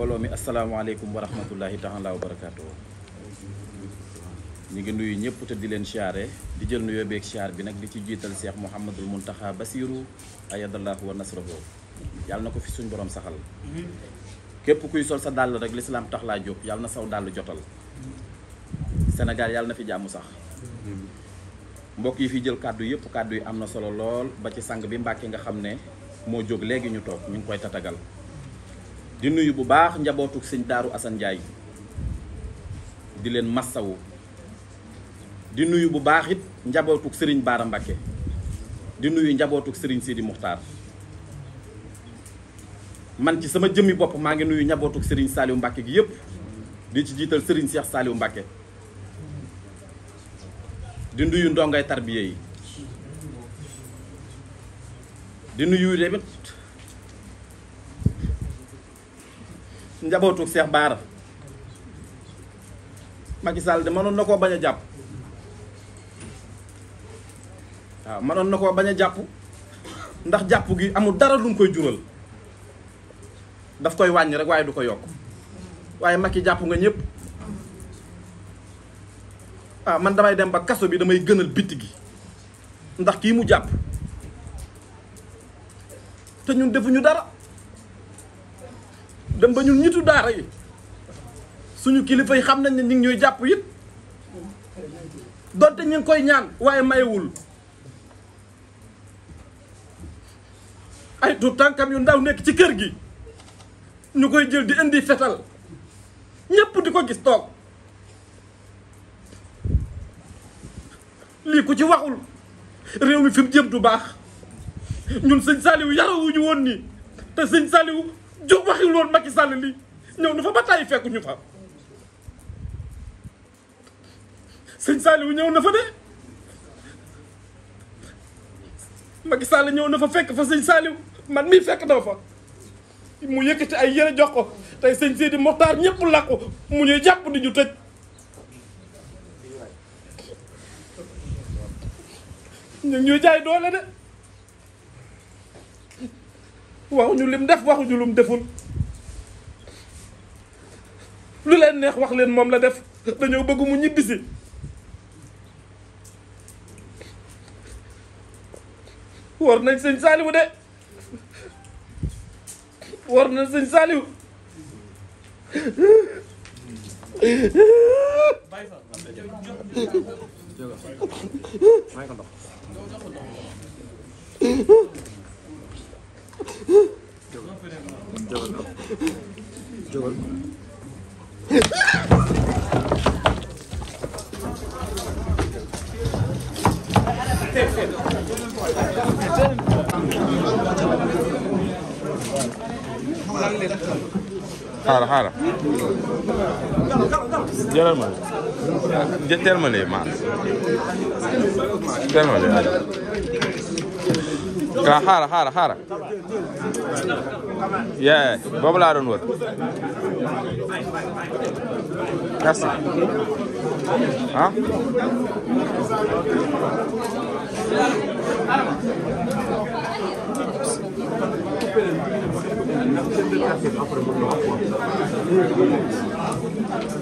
mbooloo mi asalaamaaleykum wa rahmatullahi taala wa barakaatu. ñu ngi nuyu ñëpp te di leen siyaare di jël nuyoo beeg siyaar bi nag di ci jiital Cheikh Mouhamadul Muntaxa Basiru ayadallahu wa nasrahu yàlla na ko fi suñ boroom saxal. képp kuy sol sa dàll rek lislaam tax laa jóg yàlla na saw dàll jotal. senegal yàlla na fi jàmm sax. mbokk yi fi jël kàddu yëpp kàddu yi am na solo lool ba ci sang bi Mbàkke nga xam ne moo jóg léegi ñu toog ñu ngi koy tatagal. di nuyu bu baax njabootu sëñ Daaru Assane Ndiaye di leen massawu di nuyu bu baax it njabootu sëriñ Baara Mbakke di nuyu njabootu sëriñ Sidi Muxtaar man ci sama jëmmi bopp maa ngi nuyu njabootu sëriñ Saliou Mbakke gi yëpp di ci jiital sëriñ Cheikh Saliou Mbakke di nuyu ndongay tarbiye yi di nuyu tamit njabootu Cheikh Baara Macky Sall de mënoon na koo bañ a jàpp waaw mënoon na koo bañ a jàpp ndax jàpp gi amul dara lu mu koy jural daf koy wàññi rek waaye du ko yokk waaye Macky jàpp nga ñépp waaw ah, man damay dem ba kaso bi damay gënal bitti gi ndax kii mu jàpp te ñun defuñu dara. dem ba ñun ñitu daara yi suñu kilifa yi xam nañ ne ñu ngi ñuy jàpp it donte ñu ngi koy ñaan waaye mayewul ay tuut tànkam yu ndaw nekk ci kër gi ñu koy jël di indi fetal ñépp di ko gis toog lii ko ci waxul réew mi fi jëm du baax ñun sëñ Saliou yarawuñu woon nii te sëñ Saliou jóg waxi loolu Macky Sall lii ñëw na fa ba tàyyi fekku ñu fa sëñ Saliou ñëw na fa de Macky Sall ñëw na fa fekk fa sëñ Saliou man mii fekk na fa mu yëkkati ay yére jox ko tey sëñ Sidi Moxtaar ñëpp làqu mu ñuy jàpp di ñu tëj ñuy jaay doole de waxuñu lim def waxuñu lum deful lu leen neex wax leen moom la def dañoo bëgg mu ñibbisi war nañ sëñ saaliwu de war nañ sëñ saaliwu jógal xaaral xaaral jëlal ma jëlal ma lee maas jëlal ma lee xanaa ah, xaara xaara xaara yee boobu laa doon wër merci ah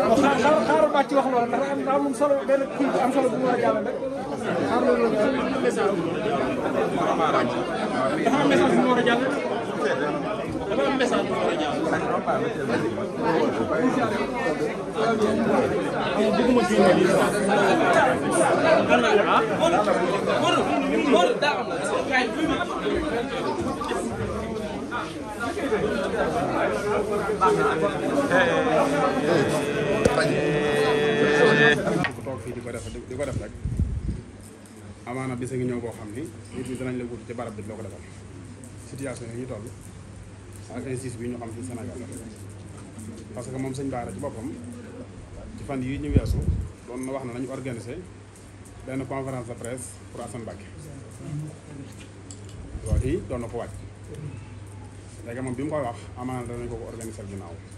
xaaral xaaral ma ci wax loolu ndax daa am solo benn kii bu am solo bu mu war a jàllale rek xaaral loolu la ñu message dafa am message bu mu war a jàllale dafa am message bu mu war a jàllale bëgguma kii nii ah Mor Mor daa am Hey, hey, hey. ku toog fii di ko def di ko def rek ngi ñëw boo xam ni nit ñi danañ la wut ci barab bi loo ko defal situation yi ñu toll ak insiste bi ñu xam ci Sénégal parce que moom sëñ Baara ci boppam ci fan yi ñu weesu doon na wax na nañu organiser benn conférence de presse pour Assane Mbacké yi doon na ko wàcc léegi moom bi mu koy wax amaana danañ ko ko organiser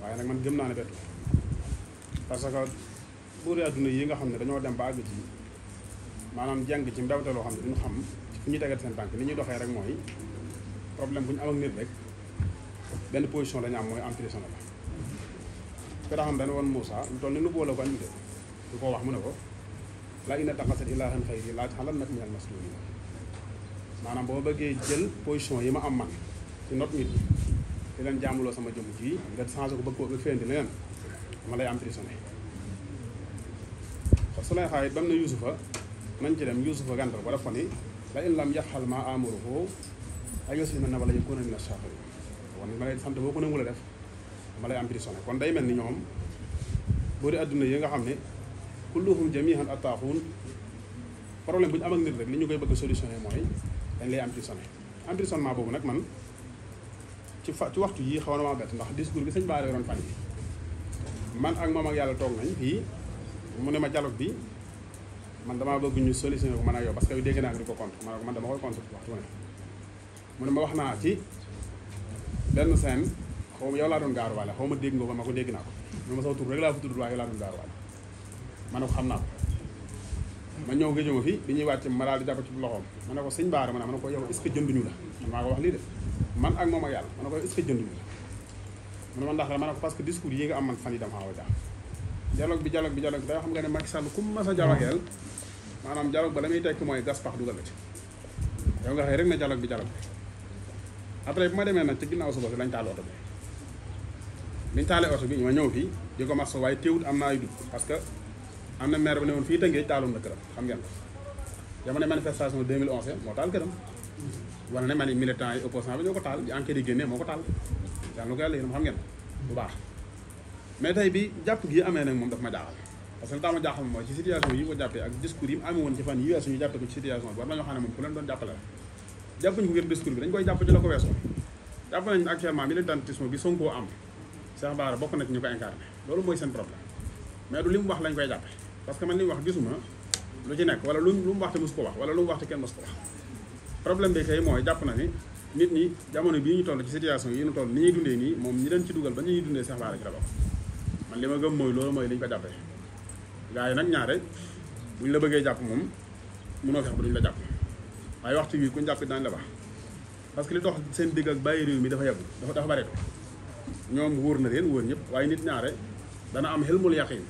waaye nag man gëm naa ne bettu parce que buuri adduna yi nga xam ne dañoo dem ba àgg ci maanaam jàng ci ndawte loo xam ne duñu xam ci ñu degee seen tànk ni ñuy doxee rek mooy problème bu ñu am ak nit rek benn position la am mooy emprisonné la Firawna dana woon Moussa lu toll ni nu boole ko andi du wax mu ne ko laa inna taxasat ilaahan xayri laa taxalannaka minal masluuliin maanaam boo bëggee jël position yi ma am man ci not nit di leen jaamuloo sama jëmm ji nga changé ko ba koo nga féendi leneen ma lay am emprisonné Sulayxa it ba mu ne Yuusufa nañ ci dem Yuusufa gàntal ko def ko ni la in lam yafxal ma amuruhu ay yuslima na wala yakuna mina shaakirin kon ma lay sant boo ko nangu la ma lay emprisonné kon day mel ni ñoom bëri adduna yi nga xam ne kulluhum jamihan attaaxuun problème bu am ak nit rek li ñu koy bëgg solutionné mooy dañ lay emprisonné emprisonnement boobu nag man ci fa ci waxtu yii xaw na maa bett ndax discours bi sëñ Ba yoroon fan yi man ak moom ak yàlla toog nañ fii mu ne ma dialogue bi man damaa bëgg ñu solutionné ko man ak yow parce que dégg naa di ko contre man man dama koy contre waxtu ne mu ne ma wax naa ci benn scène xaw ma yow laa ma dégg nga ko ma ko dégg naa ko mu ma sama tur rek laa fa tudd ma xam naa ma ñëw géjuma fi bi ñuy wàcc ma daal di jàpp ci loxoom ma ne ko sëñ baara ma ne ma ko yow est jënduñu la man maa ko wax lii de man ak moom ak yàlla ma a ko est ce jënduñu la mu ma ndax la ma ne ko parce que discours yi nga am man fan yi dama xaw a dialogue bi dialogue bi dialogue bi da xam nga ne Macky Sall ku mu mas a dialogeel mm-hmm. maanaam dialogue ba la muy tekki mooy gas pax dugal la ci yow nga xëy rek na dialogue bi dialogue bi après bu ma demee nag ci ginnaaw suba si lañ taal oto bi biñ taalee oto bi ñu ma ñëw fii di ko mas waaye teewut am na ay dugg parce que am na maire bu ne woon fii Tëngéej taaloon na këram xam ngeen ko jamono ne man militant yi opposant bi ñoo ko taal di enquête yi génnee moo ko taal yàlla na ko yàlla yéen xam ngeen bu baax mais tey bi jàpp gi amee nag moom daf ma jaaxal parce que daa ma jaaxal mooy ci moom ku leen koy jàpp di la ko weesoo jàpp nañ actuellement militantisme bi Sonko am Cheikh Bara bokk na ci ñu mu wax lañ koy jàppe parce que man li mu wax gisuma lu ci nekk wala lu lu mu wax te ko wax wala lu wax kenn mos ko wax problème jàpp na ni nit ñi jamono bii ñu toll ci situation yi ñu toll ni ñuy dundee nii moom ñi leen ci dugal ba ñu ñuy dundee Cheikh Bara ci la man li ma gëm mooy loolu mooy li ñu ko jàppee gars yi nag ñaare bu la bëggee jàpp moom mënoo fex bu duñ la jàpp waaye waxtu bii ku ñu jàpp daan la baax parce que li dox seen digg ak bàyyi réew mi dafa yàgg dafa dafa bareetu ñoom wóor na leen wóor ñëpp waaye nit ñaare dana am xelmul yaqin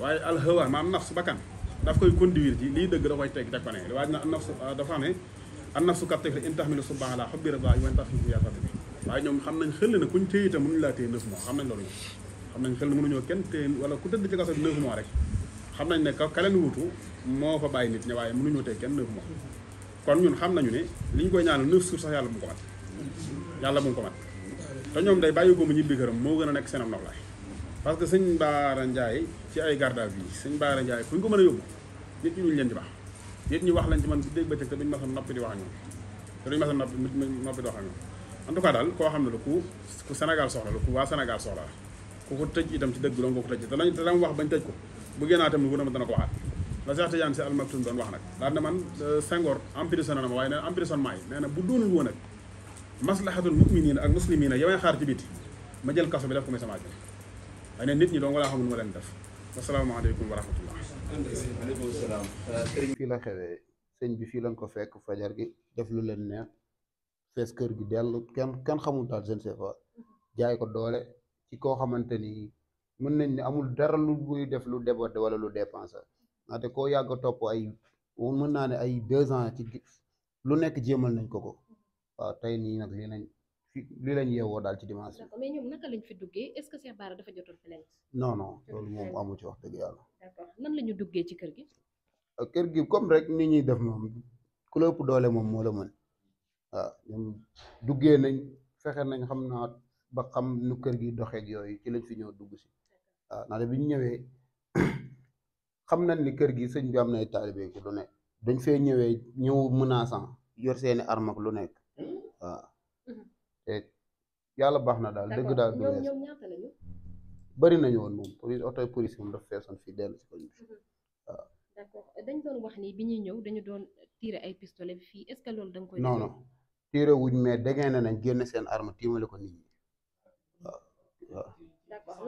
waaye alxawa maam nafsu bakkan daf koy conduire ci lii dëgg da koy teg teg ko ne waaye na nafsu ah, dafa ne an nafsu kat teg in taxmilu subhaana xubbi rabaa yi wan tax waaye ñoom xam nañ xëll na kuñ téye itam mënuñu laa téye neuf xam nañ loolu xam nañ xel mënuñoo kenn téye wala ku tëdd ci kaso bi neuf mois rek xam nañ ne ka leen wutu moo fa bàyyi nit ñi waaye mënuñoo téye kenn neuf moo kon ñun xam nañu ne li ñu koy ñaan neuf jours yàlla bu ko mat yàlla bu mu ko mat te ñoom day bàyyi ko mu ñibbi këram moo gën a nekk seenam noflaay parce que sëñ Baara Ndiaye ci ay garde à vue bi sëñ Baara ko mën a yóbbu nit ñi di baax nit ñi wax lañ ci man bu dégg bëccëg te duñu mas a noppi di wax ak te duñu mas a noppi noppi di wax ak ñoom en tout cas daal koo xam ne la ku ku Sénégal soxla la ku waa senegal soxla la kooku tëj itam ci dëgg te lañ te la mu wax bañ tëj ko bu génnaa ne ko waxaat la Cheikh Tidiane wax nag daal ne man euh, Senghor emprisonné na ma waaye nee na emprisonnement yi na bu doonul woon nag maslahatul muminina ak muslimina yow xaar ci biti ma jël kaso bi ma leen def asalaamaaleykum wa rahmatullah aleykum salaam euh, sëriñ fii la xewee sëñ bi fii lañ ko fekk fajar gi def lu leen neex fees kër gi dellu kenn kenn xamul daal je ne sais pas jaay ko doole ci koo xamante ni mën nañ ne amul dara lu muy def lu déborde wala lu dépensé ndaxte koo yàgg a topp ay mën naa ne ay deux ans ci lu nekk jéemal nañ ko ko waaw tey nii nag lii nañ fi lii lañ yeewoo daal ci dimanche bi. mais ñoom naka lañ fi ce que Cheikh Bara dafa jotoon plainte non non loolu moom amu ci wax dëgg yàlla. d'accord nan la ñu duggee ci kër gi. Euh, kër gi comme rek ni ñuy def moom ku doole moom moo la mën waaw ñoom duggee nañ fexe nañ xam naa. ba xam nu kër gi doxeeg yooyu ci lañ fi ñëw dugg si waaw ah, bi ñu ñëwee xam nañ ni kër gi sëñ bi am na ay taalibe ki lu nekk dañ fee ñëwee ñëw menaçant yor seeni arme lu nekk ah. mm-hmm. yàlla baax na daal daal du bari nañu woon moom police oto police moom dafa feesoon fii dellu si koñ bi mm-hmm. ah. dañ doon wax ni bi ñuy ñëw dañu doon tiire ay pistolet fii est-ce loolu da koy non tiire wuñ mais déggee na nañ génn seen arme tiimale ko nii waaw. d'accord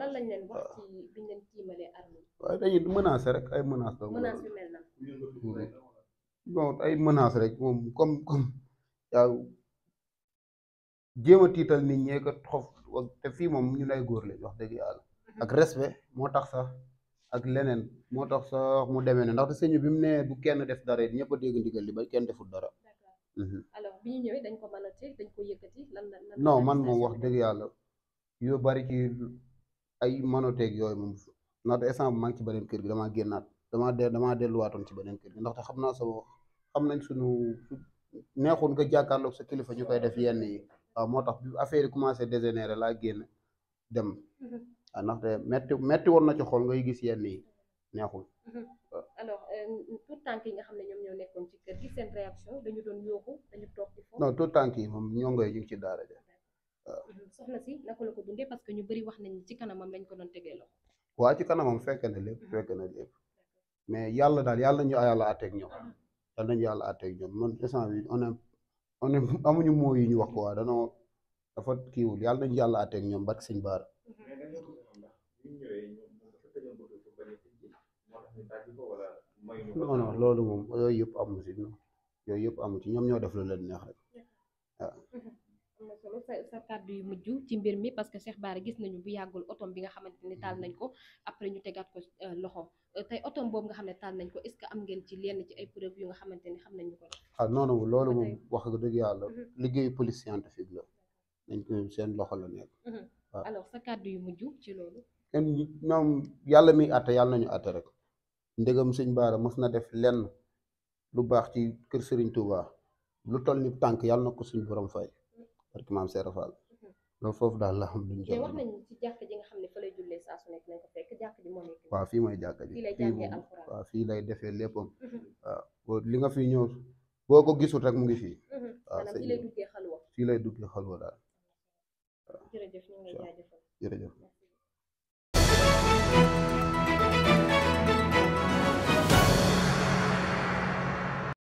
dañuy menacer rek ay menaces. Hmm. bon ay menaces rek moom comme comme yaa jéem a tiital nit ñee ko xof te fii moom ñu lay góor lañ wax dëgg yàlla. Mhm. ak respect moo tax sax ak leneen moo tax sax mu demee ne ndaxte sëñ bi mu nee bu kenn def dara it ñëpp a dégg ndigal li ba kenn deful dara. Mhm. alors bi ñu man moom wax dëgg yàlla. yu bari ci ay manoteeg yooyu moom naata instant bi maa ngi ci kër gi damaa génnaat damaa damaa delluwaatoon ci beneen kër gi ndaxte xam naa sama xam nañ sunu neexul nga jàkkaarloog sa kilifa ñu koy def yenn yi moo tax affaire yi commencé laa génn dem mm-hmm. ndaxte metti metti woon na ci xool ngay gis yenn yi neexul. Mm-hmm. alors euh, tout tànk yi nga xam ne ñoom ñoo nekkoon ci kër gi seen réaction dañu doon yóoxu dañu toog ci foofu. non tout yi moom ñoo ngay ñu ci daara ja parce que ñu bëri wax nañ ci kanamam lañ ko doon tegee loxo. waa ci kanamam fekk na lépp fekk na lépp mais yàlla daal yàlla nañu yàlla àtteeg ñoom yàlla nañu yàlla àtteeg ñoom man instant bi on est amuñu moo yi ñu wax ko waa danoo dafa kiiwul yàlla nañu yàlla àtteeg ñoom barke sëñ Baara. non non loolu moom yooyu yëpp amu ci yooyu yëpp amu ci ñoom ñoo def lu leen neex rek am na sa sa kàddu yu mujj ci mbir mi parce que Cheikh Bara gis nañu bu yàggul otom bi nga xamante ne taal mm-hmm. nañ ko après ñu tegaat ko euh, loxo euh, tey otom boobu nga xam ne taal nañ ko est ce que am ngeen ci lenn ci ay preuve yu nga xamante xam nañu ko. ah non non loolu moom dëgg yàlla. Mm-hmm. liggéeyu police scientifique la. dañ ko seen loxo la nekk. Mm-hmm. waaw alors sa kàddu yu mujj ci loolu. ñoom yàlla mi àtte yàlla nañu àtte rek. ndegam sëñ Bara mos na def lenn lu baax ci kër Serigne Touba lu toll ni tànk yàlla na ko suñ borom fay. parce que maam Seera Fall loolu foofu daal la xam luñ mais wax ji nga xam ne fa lay jullee saa nekk nañ ko fekk jàkk ji moo nekk waaw fii mooy jàkk ji fii lay defee léppam mhm. waaw li nga fi ñëw boo ko gisul rek mu ngi fii mhm. waaw fii lay duggee xalwa fii lay duggee xalwa daal